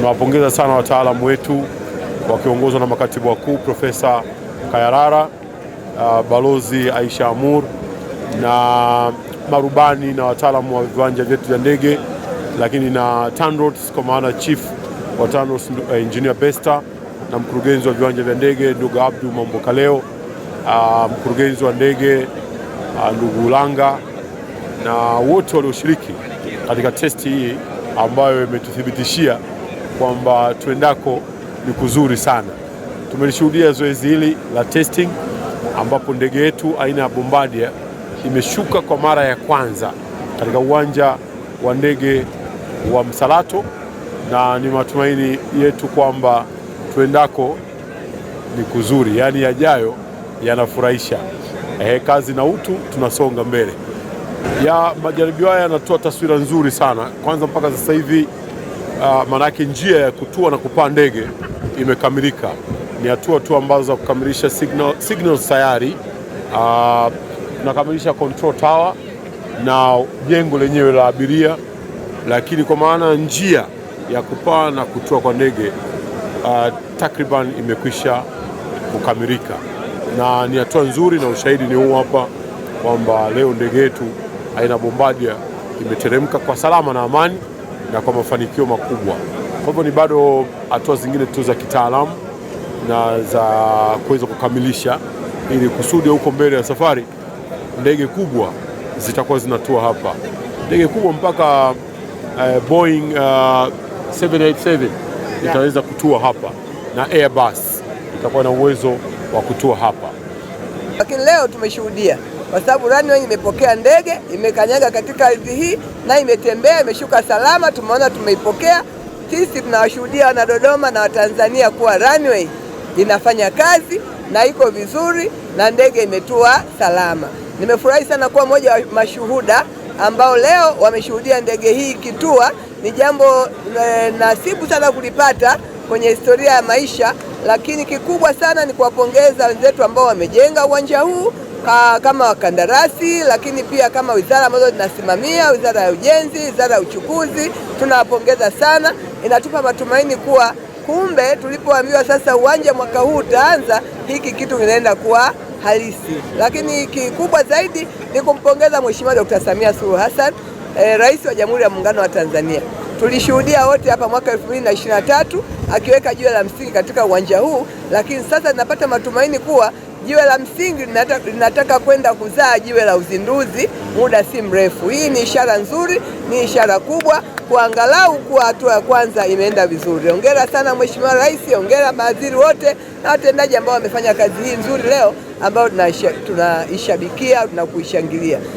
Tunawapongeza sana wataalamu wetu wakiongozwa na makatibu wakuu Profesa Kayarara, uh, Balozi Aisha Amur na marubani na wataalamu wa viwanja vyetu vya ndege, lakini na TANROADS kwa maana chief wa TANROADS eh, engineer Besta na mkurugenzi wa viwanja vya ndege ndugu Abdu Mambokaleo, uh, mkurugenzi wa ndege uh, ndugu Ulanga na wote walioshiriki katika testi hii ambayo imetuthibitishia kwamba tuendako ni kuzuri sana. Tumelishuhudia zoezi hili la testing ambapo ndege yetu aina ya Bombardier imeshuka kwa mara ya kwanza katika uwanja wa ndege wa Msalato, na ni matumaini yetu kwamba tuendako ni kuzuri, yaani yajayo yanafurahisha. Ehe, kazi na utu, tunasonga mbele. Ya majaribio haya yanatoa taswira nzuri sana, kwanza mpaka sasa hivi uh, ah, maanake njia ya kutua na kupaa ndege imekamilika. Ni hatua tu ambazo za kukamilisha signal, signal tayari uh, control tower na jengo lenyewe la abiria, lakini kwa maana njia ya kupaa na kutua kwa ndege uh, takriban imekwisha kukamilika, na ni hatua nzuri, na ushahidi ni huu hapa kwamba leo ndege yetu aina Bombardier imeteremka kwa salama na amani na kwa mafanikio makubwa. Kwa hivyo ni bado hatua zingine tu za kitaalamu na za kuweza kukamilisha, ili kusudi huko mbele ya safari ndege kubwa zitakuwa zinatua hapa, ndege kubwa mpaka uh, Boeing uh, eh, 787 itaweza kutua hapa na Airbus itakuwa na uwezo wa kutua hapa, lakini leo tumeshuhudia kwa sababu runway imepokea ndege, imekanyaga katika ardhi hii na imetembea, imeshuka salama. Tumeona, tumeipokea sisi. Tunawashuhudia Wanadodoma na Watanzania kuwa runway inafanya kazi na iko vizuri na ndege imetua salama. Nimefurahi sana kuwa mmoja wa mashuhuda ambao leo wameshuhudia ndege hii ikitua. Ni jambo e, nasibu sana kulipata kwenye historia ya maisha, lakini kikubwa sana ni kuwapongeza wenzetu ambao wamejenga uwanja huu ka, kama wakandarasi, lakini pia kama wizara ambazo zinasimamia wizara ya ujenzi, wizara ya uchukuzi, tunawapongeza sana. Inatupa matumaini kuwa kumbe tulipoambiwa sasa uwanja mwaka huu utaanza, hiki kitu kinaenda kuwa halisi. Lakini kikubwa zaidi ni kumpongeza Mheshimiwa Dkt. Samia Suluhu Hassan e, Rais wa Jamhuri ya Muungano wa Tanzania. Tulishuhudia wote hapa mwaka 2023 akiweka jiwe la msingi katika uwanja huu, lakini sasa tunapata matumaini kuwa jiwe la msingi linataka kwenda kuzaa jiwe la uzinduzi muda si mrefu. Hii ni ishara nzuri, ni ishara kubwa kwa angalau kuwa hatua ya kwanza imeenda vizuri. Hongera sana Mheshimiwa Rais, hongera mawaziri wote na watendaji ambao wamefanya kazi hii nzuri leo ambayo tunaishabikia, tunakuishangilia.